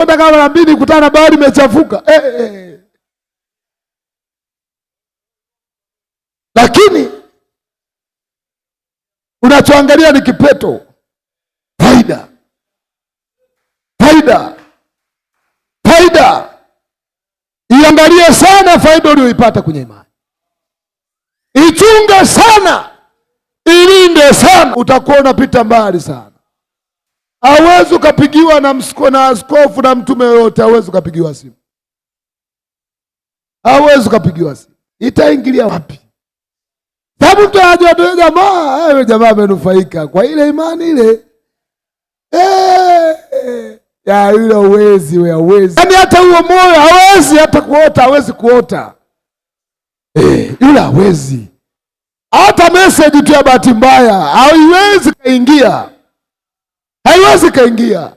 hata kama mara mbili kutana na bahari imechafuka eh, eh, eh. Lakini unachoangalia ni kipeto, faida, faida, faida. Iangalie sana faida uliyoipata kwenye imani, ichunge sana, ilinde sana, utakuwa unapita mbali sana. Hawezi ukapigiwa na msiko, na askofu na mtume yoyote, hawezi ukapigiwa simu, hawezi ukapigiwa simu. Itaingilia wapi? Sababu mtu anajua jamaa, wewe jamaa amenufaika kwa ile imani ile eee. Eh, ya yule uwezi we hawezi, yaani hata huo moyo hawezi hata kuota, hawezi kuota e, yule hawezi hata meseji tu ya bahati mbaya haiwezi kaingia haiwezi kaingia.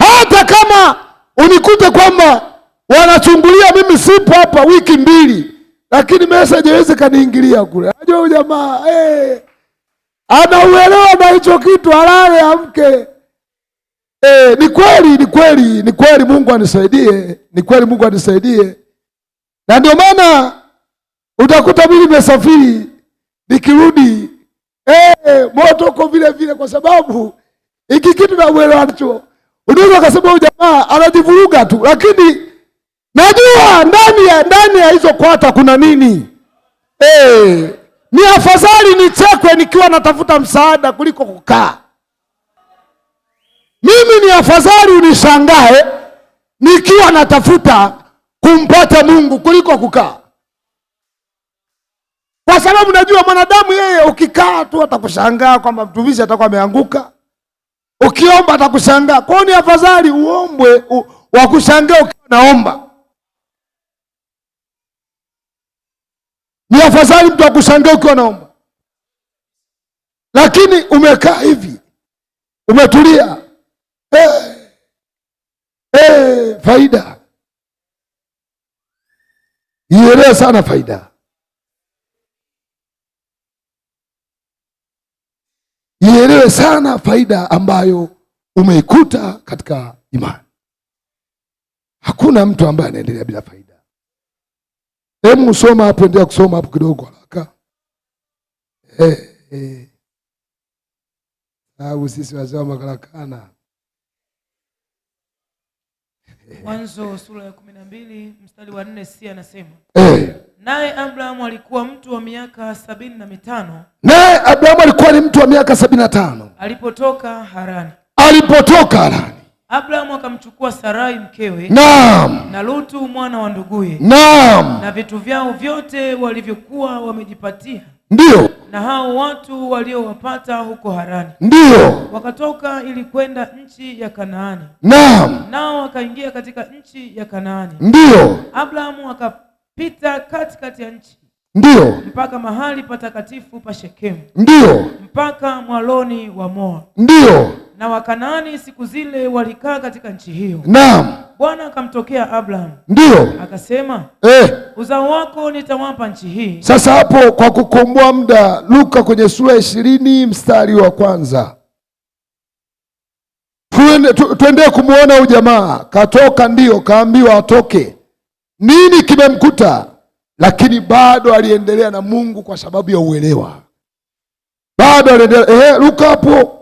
Hata kama unikute kwamba wanachungulia mimi sipo hapa wiki mbili, lakini message haiwezi kaniingilia kule. Unajua huyu jamaa hey, eh. anauelewa na hicho kitu, alale amke. Hey, eh, ni kweli, ni kweli, ni kweli. Mungu anisaidie, ni kweli, Mungu anisaidie. Na ndio maana utakuta mimi nimesafiri nikirudi, hey, eh, moto uko vile vile, kwa sababu hiki kitu nakuelewa nacho. Unaweza ukasema huyu jamaa anajivuruga tu, lakini najua ndani ya ndani ya hizo kwata kuna nini. Hey, eh, ni afadhali nichekwe nikiwa natafuta msaada kuliko kukaa. Mimi ni afadhali unishangae nikiwa natafuta kumpata Mungu kuliko kukaa, kwa sababu najua mwanadamu yeye, ukikaa tu atakushangaa kwamba mtumishi atakuwa ameanguka Ukiomba atakushangaa. Kwa hiyo ni afadhali uombwe wakushangaa ukiwa naomba. Ni afadhali mtu akushangaa ukiwa naomba, lakini umekaa hivi umetulia, hey, eh, eh, hey, faida ielewe sana faida ielewe sana faida ambayo umeikuta katika imani. Hakuna mtu ambaye anaendelea bila faida. Hebu usoma hapo, endelea kusoma hapo kidogo haraka. Eh, eh. Au sisi wazee wa makarakana. Mwanzo sura ya 12 mstari wa 4 si anasema. Eh. Naye Abrahamu alikuwa mtu wa miaka sabini na mitano. Naye Abrahamu alikuwa ni mtu wa miaka sabini na tano alipotoka Harani. Alipotoka Harani, Abrahamu akamchukua Sarai mkewe, naam, na Lutu mwana wa nduguye, naam, na vitu vyao vyote walivyokuwa wamejipatia ndio Na hao watu waliowapata huko Harani. ndio Wakatoka ili kwenda nchi ya Kanaani. Naam. Nao wakaingia katika nchi ya Kanaani. ndio Abrahamu pita katikati ya nchi ndio mpaka mahali patakatifu pa Shekemu ndio mpaka mwaloni wa Moa ndio Na Wakanaani siku zile walikaa katika nchi hiyo. Naam. Bwana akamtokea Abraham ndio akasema eh, uzao wako nitawapa nchi hii. Sasa hapo kwa kukomboa muda, Luka kwenye sura ishirini mstari wa kwanza tuende, tu, kumwona huyu jamaa katoka, ndio kaambiwa atoke nini kimemkuta, lakini bado aliendelea na Mungu kwa sababu ya uelewa, bado aliendelea. Ehe, luka hapo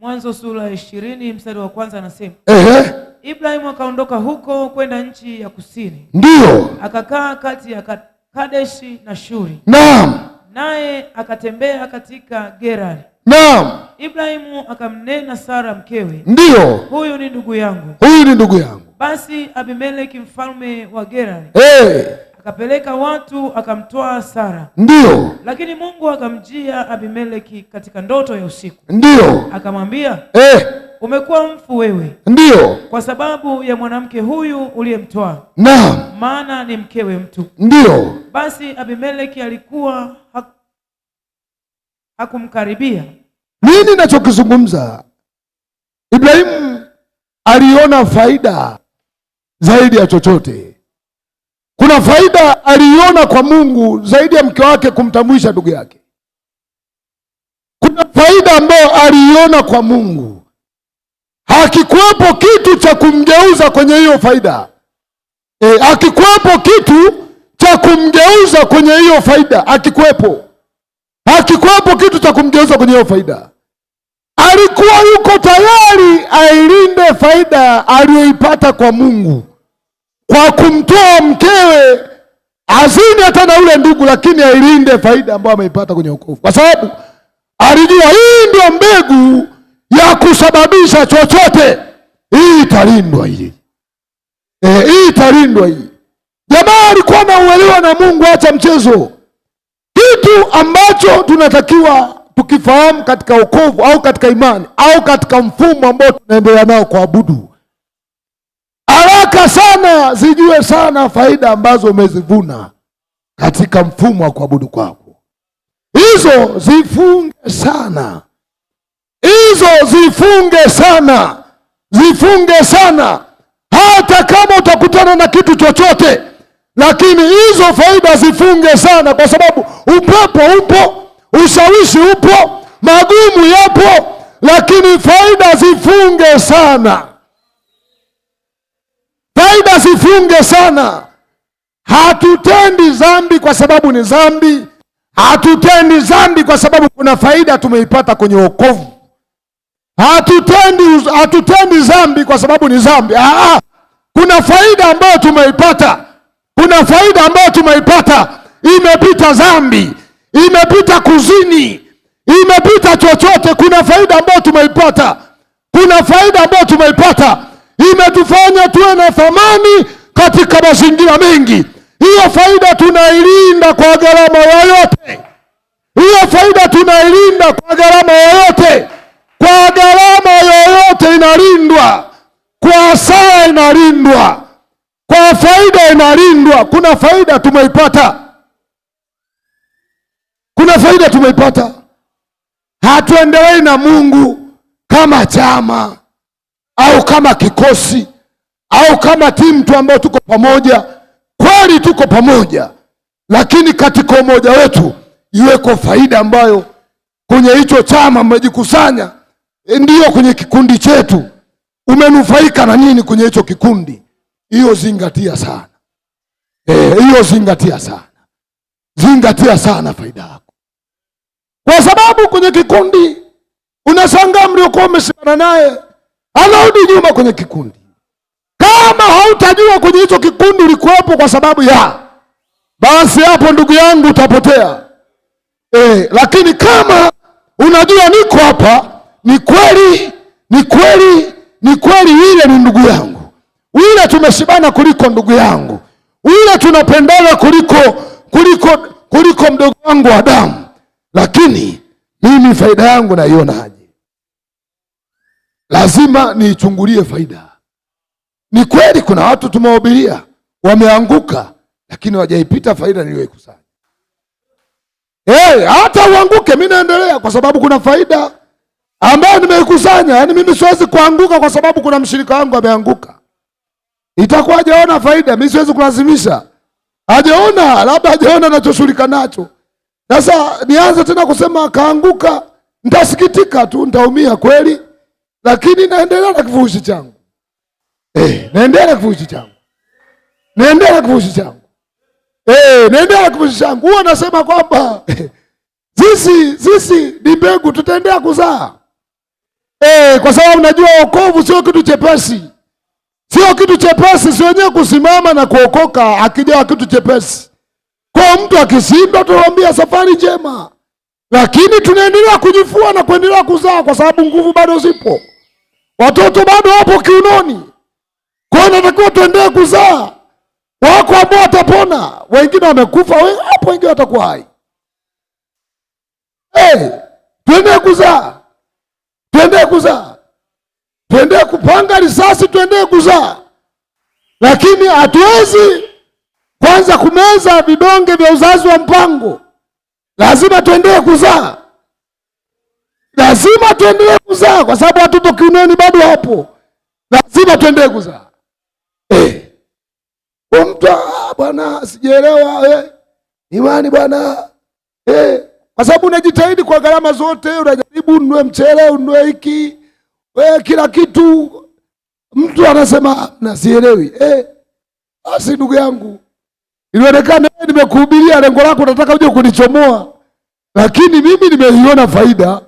Mwanzo sura ya ishirini mstari wa kwanza anasema ehe, Ibrahimu akaondoka huko kwenda nchi ya kusini, ndiyo akakaa kati ya Kadeshi na Shuri. Naam, naye akatembea katika Gerari. Naam, Ibrahimu akamnena Sara mkewe, ndiyo, huyu ni ndugu yangu, huyu ni ndugu yangu basi Abimeleki mfalme wa Gerari hey, akapeleka watu akamtwaa Sara. ndio Lakini Mungu akamjia Abimeleki katika ndoto ya usiku. ndio Akamwambia hey, umekuwa mfu wewe. ndio Kwa sababu ya mwanamke huyu uliyemtwaa. Naam. Maana ni mkewe mtu. ndio Basi Abimeleki alikuwa hakumkaribia. Nini nachokizungumza? Ibrahimu aliona faida zaidi ya chochote. Kuna faida aliiona kwa Mungu zaidi ya mke wake kumtambulisha ndugu yake. Kuna faida ambayo aliiona kwa Mungu, hakikuwepo kitu cha kumgeuza kwenye hiyo faida e, hakikuwepo kitu cha kumgeuza kwenye hiyo faida, hakikuwepo, hakikuwepo kitu cha kumgeuza kwenye hiyo faida. Alikuwa yuko tayari ailinde faida aliyoipata kwa Mungu kwa kumtoa mkewe azini hata na ule ndugu, lakini ailinde faida ambayo ameipata kwenye wokovu, kwa sababu alijua hii ndio mbegu ya kusababisha chochote. Hii italindwa hii e, hii italindwa hii. Jamaa alikuwa na uelewa na Mungu, acha mchezo. Kitu ambacho tunatakiwa tukifahamu katika wokovu au katika imani au katika mfumo ambao tunaendelea nao kuabudu haraka sana zijue sana faida ambazo umezivuna katika mfumo wa kuabudu kwako. Hizo zifunge sana, hizo zifunge sana, zifunge sana. Hata kama utakutana na kitu chochote, lakini hizo faida zifunge sana, kwa sababu upepo upo, ushawishi upo, magumu yapo, lakini faida zifunge sana. Faida zifunge sana. Hatutendi dhambi kwa sababu ni dhambi, hatutendi dhambi kwa sababu kuna faida tumeipata kwenye wokovu. Hatutendi hatutendi dhambi kwa sababu ni dhambi. Ah, ah, kuna faida ambayo tumeipata, kuna faida ambayo tumeipata, imepita dhambi, imepita kuzini, imepita chochote. Kuna faida ambayo tumeipata, kuna faida ambayo tumeipata imetufanya tuwe na thamani katika mazingira mengi. Hiyo faida tunailinda kwa gharama yoyote, hiyo faida tunailinda kwa gharama yoyote, kwa gharama yoyote inalindwa, kwa saa inalindwa, kwa faida inalindwa. Kuna faida tumeipata, kuna faida tumeipata. Hatuendelei na Mungu kama chama au kama kikosi au kama timu tu ambayo tuko pamoja. Kweli tuko pamoja, lakini katika umoja wetu iweko faida ambayo kwenye hicho chama mmejikusanya, eh, ndio kwenye kikundi chetu, umenufaika na nini kwenye hicho kikundi? Hiyo zingatia sana eh, hiyo e, zingatia sana, zingatia sana faida yako, kwa sababu kwenye kikundi unashangaa mliokuwa umeshikana naye anarudi nyuma kwenye kikundi. Kama hautajua kwenye hicho kikundi ulikuwepo kwa sababu ya, basi hapo ndugu yangu utapotea. E, lakini kama unajua niko hapa, ni kweli, ni kweli, ni kweli, ile ni ndugu yangu, ile tumeshibana kuliko ndugu yangu, ile tunapendana kuliko kuliko kuliko mdogo wangu adamu lakini mimi faida yangu naiona haja lazima niichungulie faida. Ni kweli kuna watu tumewahubiria wameanguka, lakini wajaipita faida niliyoikusanya. Hey, eh, hata uanguke, mi naendelea kwa sababu kuna faida ambayo nimeikusanya. Yaani mimi siwezi kuanguka kwa sababu kuna mshirika wangu ameanguka, itakuwa hajaona faida. Mi siwezi kulazimisha, hajaona, labda hajaona anachoshughulika nacho. Sasa nianze tena kusema akaanguka, ntasikitika tu, ntaumia kweli lakini naendelea na kifurushi changu eh, naendelea na kifurushi changu naendelea na kifurushi changu eh, naendelea na kifurushi changu. Huwa nasema kwamba sisi sisi ni mbegu, tutaendelea kuzaa eh, kwa sababu najua wokovu sio kitu chepesi, sio kitu chepesi, si wenyewe kusimama na kuokoka akijawa kitu chepesi. Kwa mtu akishindwa, tunamwambia safari njema, lakini tunaendelea kujifua na kuendelea kuzaa, kwa sababu nguvu bado zipo. Watoto bado wapo kiunoni, kwa hiyo natakiwa tuendelee kuzaa. Wako ambao watapona, wengine wamekufa hapo, wengine watakuwa hai. Hey, tuendee kuzaa, tuendee kuzaa, tuendee kupanga risasi, tuendee kuzaa, lakini hatuwezi kwanza kumeza vidonge vya uzazi wa mpango. Lazima tuendee kuzaa. Lazima tuendelee kuzaa kwa sababu watoto kiunoni bado wapo, lazima tuendelee kuzaa. Eh, mtu ah, bwana, sijaelewa eh, Imani bwana eh, kwa sababu unajitahidi kwa gharama zote, unajaribu unue mchele, unue hiki eh, kila kitu, mtu anasema nasielewi. Eh, basi ndugu yangu, ilionekana nimekuhubiria lengo lako, nataka uje kunichomoa, lakini mimi nimeiona faida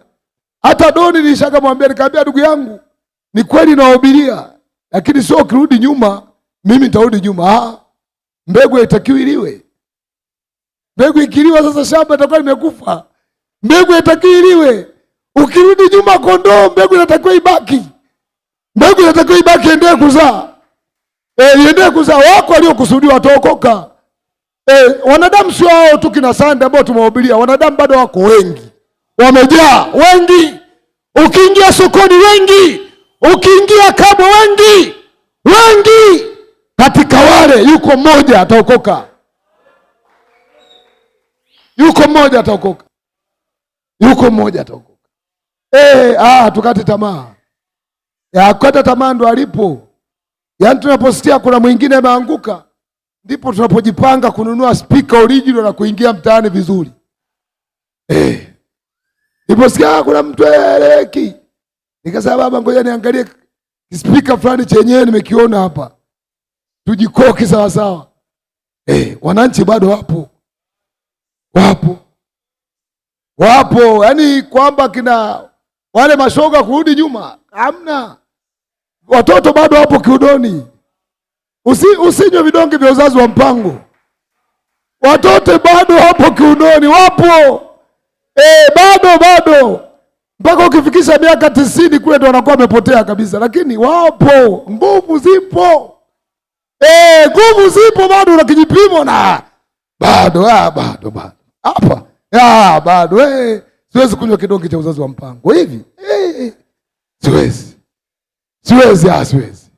hata Doni mwambia, nikamwambia, ndugu yangu, ni kweli nawahubiria, lakini sio ukirudi nyuma, mimi nitarudi nyuma. Ah, mbegu haitakiwi iliwe. Mbegu ikiliwa sasa shamba itakuwa imekufa. Mbegu haitakiwi iliwe. Ukirudi nyuma kondoo, mbegu inatakiwa ibaki. Mbegu inatakiwa ibaki, endelee kuzaa. Eh, endelee kuzaa. Wako waliokusudiwa wataokoka. Eh, wanadamu sio hao tu kina Sande ambao tumewahubiria. Wanadamu bado wako wengi wamejaa wengi, ukiingia sokoni wengi, ukiingia kabo wengi wengi. Katika wale yuko mmoja ataokoka, yuko mmoja ataokoka, yuko mmoja ataokoka. E, tukate tamaa ya kukata tamaa ndo alipo. Yaani tunaposikia kuna mwingine ameanguka, ndipo tunapojipanga kununua spika original na kuingia mtaani vizuri e. Niliposikia kuna mtu eleki, nikasema baba, ngoja niangalie spika fulani chenyewe nimekiona hapa, tujikoki sawa sawa. Eh, wananchi bado wapo, wapo, wapo, yaani kwamba kina wale mashoga kurudi nyuma hamna. Watoto bado wapo kiudoni. Usi, usinywe vidonge vya uzazi wa mpango. Watoto bado wapo kiudoni, wapo. Eh, bado bado mpaka ukifikisha miaka tisini kule ndo wanakuwa wamepotea kabisa, lakini wapo, nguvu zipo, eh, nguvu e, zipo bado, na kijipimo na bado ah, bado bado hapa ah, bado eh, siwezi kunywa kidonge cha uzazi wa mpango hivi eh, siwezi siwezi ah, siwezi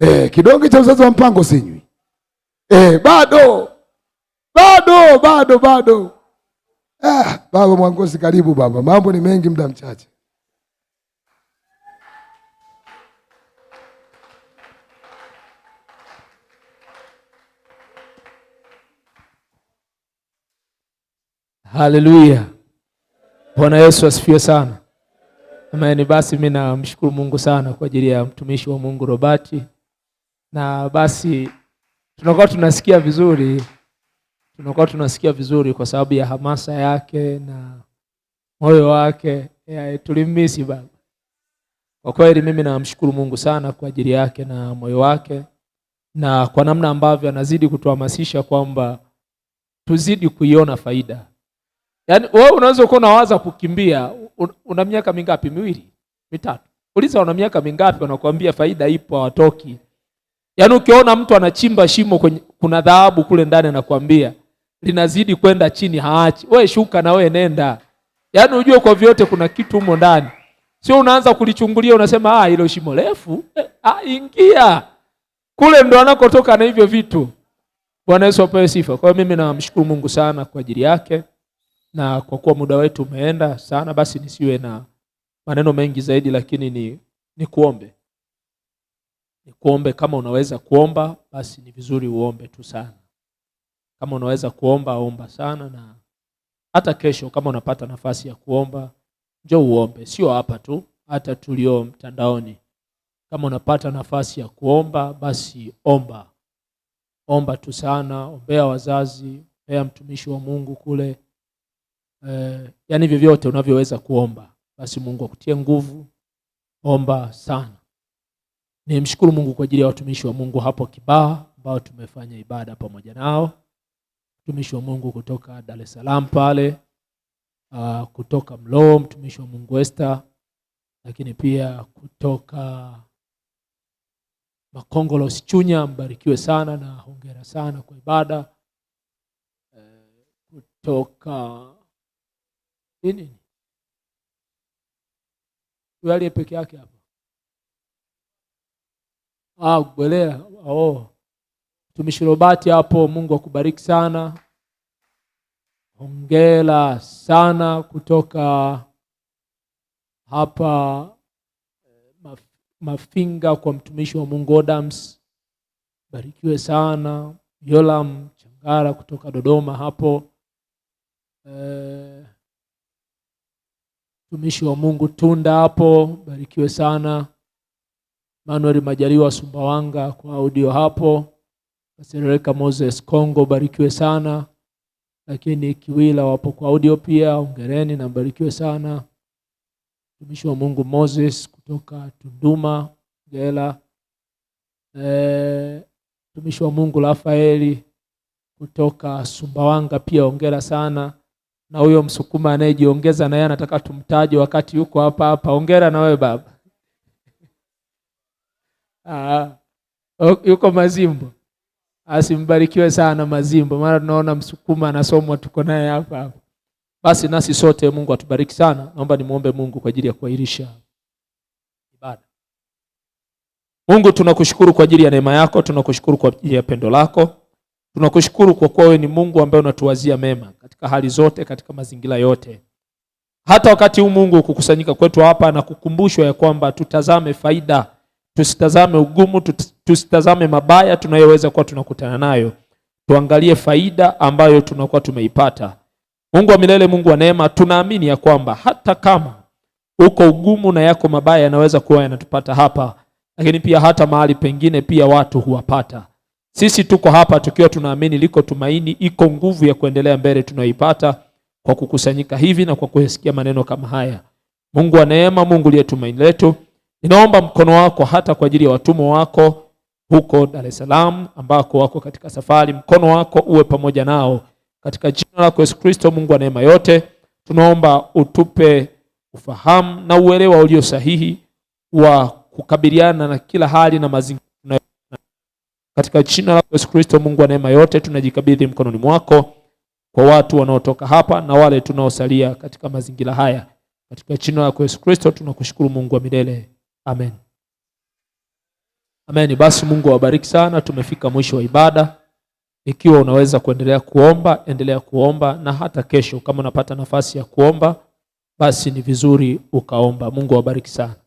eh, kidonge cha uzazi wa mpango sinywi eh, bado bado bado bado Ah, baba Mwangosi karibu baba, mambo ni mengi, muda mchache. Haleluya, Bwana Yesu asifiwe sana. Amani. Basi mimi namshukuru Mungu sana kwa ajili ya mtumishi wa Mungu Robati, na basi tunakuwa tunasikia vizuri tunakuwa tunasikia vizuri kwa sababu ya hamasa yake na moyo wake. tulimisi baba kwa kweli. Mimi namshukuru Mungu sana kwa ajili yake na moyo wake na kwa namna ambavyo anazidi kutuhamasisha kwamba tuzidi kuiona faida. Yaani wewe unaweza kuwa unawaza kukimbia, una miaka mingapi? Miwili, mitatu. Uliza una miaka mingapi, wanakuambia faida ipo, hawatoki. Yaani ukiona mtu anachimba shimo kwenye, kuna dhahabu kule ndani, anakuambia linazidi kwenda chini, haachi. wewe, shuka na wewe nenda, yaani ujue kwa vyote kuna kitu humo ndani, sio unaanza kulichungulia unasema ah, hilo shimo refu eh, ah, ingia kule, ndo anakotoka na hivyo vitu. Bwana Yesu apewe sifa. Kwa hiyo mimi namshukuru Mungu sana kwa ajili yake, na kwa kuwa muda wetu umeenda sana, basi nisiwe na maneno mengi zaidi, lakini ni ni kuombe ni kuombe, Kama unaweza kuomba, basi ni vizuri uombe tu sana. Kama unaweza kuomba, omba sana, na hata kesho kama unapata nafasi ya kuomba, njoo uombe, sio hapa tu, hata tulio mtandaoni. Kama unapata nafasi ya kuomba, basi omba, omba tu sana, ombea wazazi, ombea mtumishi wa Mungu kule eh, yani vyovyote unavyoweza kuomba, basi Mungu akutie nguvu, omba sana. Nimshukuru Mungu kwa ajili ya watumishi wa Mungu hapo kibaa ambao tumefanya ibada pamoja nao mtumishi wa Mungu kutoka Dar es Salaam pale, uh, kutoka Mloo mtumishi wa Mungu Esther, lakini pia kutoka Makongolos Chunya, mbarikiwe sana na hongera sana kwa ibada uh, kutoka nini aliye peke yake hapa ah, Gwelea oh. Mtumishi Robati hapo, Mungu akubariki sana, hongera sana kutoka hapa eh, Mafinga kwa mtumishi wa Mungu Adams, barikiwe sana. Yolam Changara kutoka Dodoma hapo, eh, mtumishi e, wa Mungu Tunda hapo, barikiwe sana. Manuel Majaliwa Sumbawanga kwa audio hapo Masereka Moses Kongo, barikiwe sana lakini Kiwila wapo kwa audio pia, ongereni na barikiwe sana. Mtumishi wa Mungu Moses kutoka Tunduma Gela, eh, mtumishi e, wa Mungu Rafaeli kutoka Sumbawanga pia ongera sana, na huyo Msukuma anayejiongeza naye anataka tumtaje wakati yuko hapa hapa, ongera na wewe baba. Ah, yuko Mazimbo basi mbarikiwe sana Mazimbo, maana tunaona Msukuma anasomwa, tuko naye hapa hapa. Basi nasi sote Mungu atubariki sana. Naomba nimwombe Mungu kwa ajili ya kuahirisha ibada. Mungu, tunakushukuru kwa ajili ya neema yako, tunakushukuru kwa ajili ya pendo lako, tunakushukuru kwa kuwa wewe ni Mungu ambaye unatuwazia mema katika hali zote, katika mazingira yote, hata wakati huu Mungu kukusanyika kwetu hapa na kukumbushwa ya kwamba tutazame faida, tusitazame ugumu, tusitazame mabaya tunayoweza kuwa tunakutana nayo, tuangalie faida ambayo tunakuwa tumeipata. Mungu wa milele, Mungu wa neema, tunaamini ya kwamba hata kama uko ugumu na yako mabaya yanaweza kuwa yanatupata hapa, lakini pia hata mahali pengine pia watu huwapata. Sisi tuko hapa tukiwa tunaamini liko tumaini, iko nguvu ya kuendelea mbele tunayoipata kwa kukusanyika hivi na kwa kusikia maneno kama haya. Mungu wa neema, Mungu liye tumaini letu, ninaomba mkono wako hata kwa ajili ya watumwa wako huko Dar es Salaam ambako wako katika safari. Mkono wako uwe pamoja nao katika jina lako Yesu Kristo. Mungu wa neema yote, tunaomba utupe ufahamu na uelewa ulio sahihi wa kukabiliana na kila hali na mazingira katika jina lako Yesu Kristo. Mungu wa neema yote, tunajikabidhi mkononi mwako kwa watu wanaotoka hapa na wale tunaosalia katika mazingira haya, katika jina lako Yesu Kristo tunakushukuru, Mungu wa milele, amen. Amen. Basi Mungu awabariki sana. Tumefika mwisho wa ibada. Ikiwa unaweza kuendelea kuomba, endelea kuomba, na hata kesho kama unapata nafasi ya kuomba, basi ni vizuri ukaomba. Mungu awabariki sana.